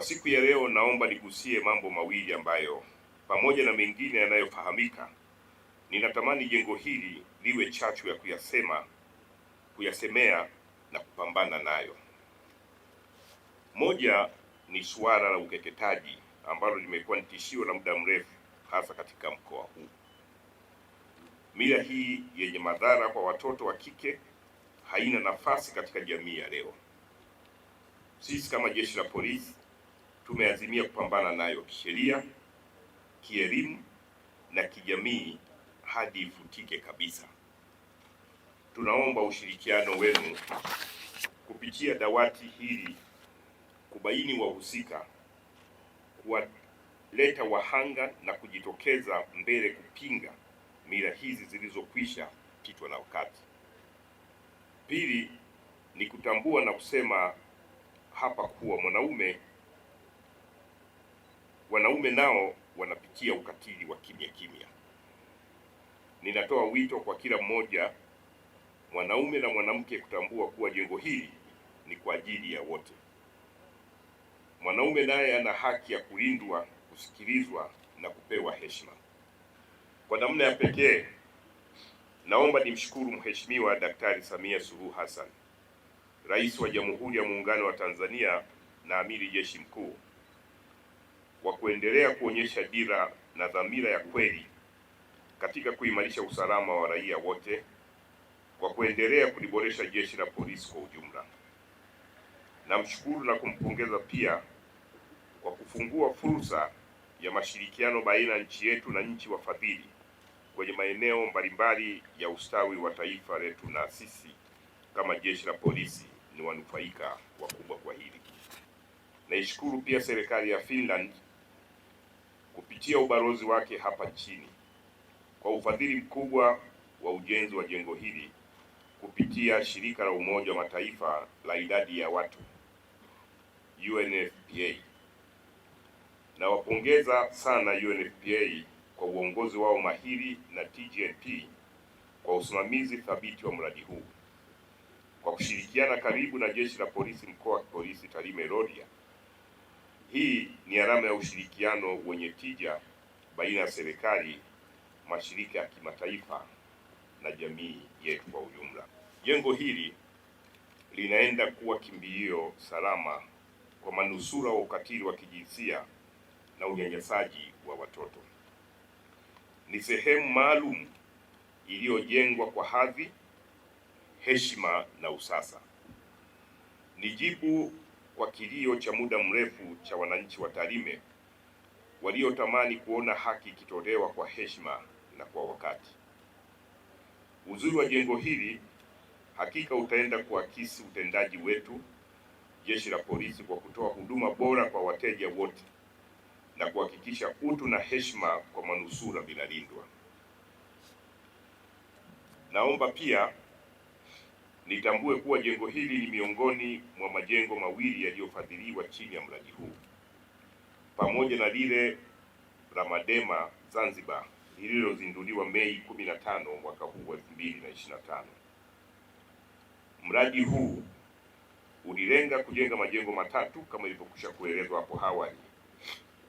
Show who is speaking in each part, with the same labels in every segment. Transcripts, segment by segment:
Speaker 1: Kwa siku ya leo, naomba nigusie mambo mawili ambayo pamoja na mengine yanayofahamika, ninatamani jengo hili liwe chachu ya kuyasema, kuyasemea na kupambana nayo. Moja ni suala la ukeketaji ambalo limekuwa ni tishio la muda mrefu hasa katika mkoa huu. Mila hii yenye madhara kwa watoto wa kike haina nafasi katika jamii ya leo. Sisi kama jeshi la polisi tumeazimia kupambana nayo kisheria, kielimu na kijamii hadi ifutike kabisa. Tunaomba ushirikiano wenu kupitia dawati hili kubaini wahusika, kuwaleta wahanga na kujitokeza mbele kupinga mila hizi zilizokwisha pitwa na wakati. Pili ni kutambua na kusema hapa kuwa mwanaume wanaume nao wanapitia ukatili wa kimya kimya. Ninatoa wito kwa kila mmoja mwanaume na mwanamke kutambua kuwa jengo hili ni kwa ajili ya wote. Mwanaume naye ana haki ya kulindwa, kusikilizwa na kupewa heshima. Kwa namna ya pekee, naomba nimshukuru Mheshimiwa Daktari Samia Suluhu Hassan, Rais wa Jamhuri ya Muungano wa Tanzania na Amiri Jeshi Mkuu wa kuendelea kuonyesha dira na dhamira ya kweli katika kuimarisha usalama wa raia wote kwa kuendelea kuliboresha jeshi la polisi kwa ujumla. Namshukuru na kumpongeza pia kwa kufungua fursa ya mashirikiano baina ya nchi yetu na nchi wafadhili kwenye maeneo mbalimbali ya ustawi wa taifa letu, na sisi kama jeshi la polisi ni wanufaika wakubwa kwa hili. Naishukuru pia serikali ya Finland kupitia ubalozi wake hapa nchini kwa ufadhili mkubwa wa ujenzi wa jengo hili kupitia shirika la Umoja wa Mataifa la idadi ya watu UNFPA. Nawapongeza sana UNFPA kwa uongozi wao mahiri na TGNP kwa usimamizi thabiti wa mradi huu. Kwa kushirikiana karibu na jeshi la polisi mkoa wa kipolisi Tarime Rorya, hii ni alama ya ushirikiano wenye tija baina ya serikali, mashirika ya kimataifa na jamii yetu kwa ujumla. Jengo hili linaenda kuwa kimbilio salama kwa manusura wa ukatili wa kijinsia na unyanyasaji wa watoto. Ni sehemu maalum iliyojengwa kwa hadhi, heshima na usasa. Ni jibu kwa kilio cha muda mrefu cha wananchi wa Tarime waliotamani kuona haki ikitolewa kwa heshima na kwa wakati. Uzuri wa jengo hili hakika utaenda kuakisi utendaji wetu jeshi la polisi kwa kutoa huduma bora kwa wateja wote na kuhakikisha utu na heshima kwa manusura vinalindwa. Naomba pia nitambue kuwa jengo hili ni miongoni mwa majengo mawili yaliyofadhiliwa chini ya mradi huu pamoja na lile la Madema Zanzibar lililozinduliwa Mei 15 mwaka huu wa 2025. Mradi huu ulilenga kujenga majengo matatu kama ilivyokwisha kuelezwa hapo awali,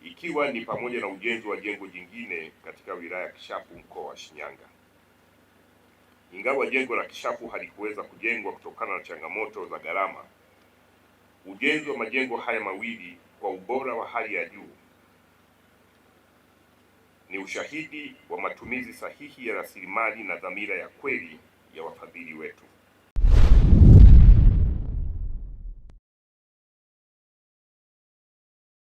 Speaker 1: ikiwa ni pamoja na ujenzi wa jengo jingine katika wilaya ya Kishapu mkoa wa Shinyanga. Ingawa jengo la Kishapu halikuweza kujengwa kutokana na changamoto za gharama, ujenzi wa majengo haya mawili kwa ubora wa hali ya juu ni ushahidi wa matumizi sahihi ya rasilimali na dhamira ya kweli ya wafadhili wetu.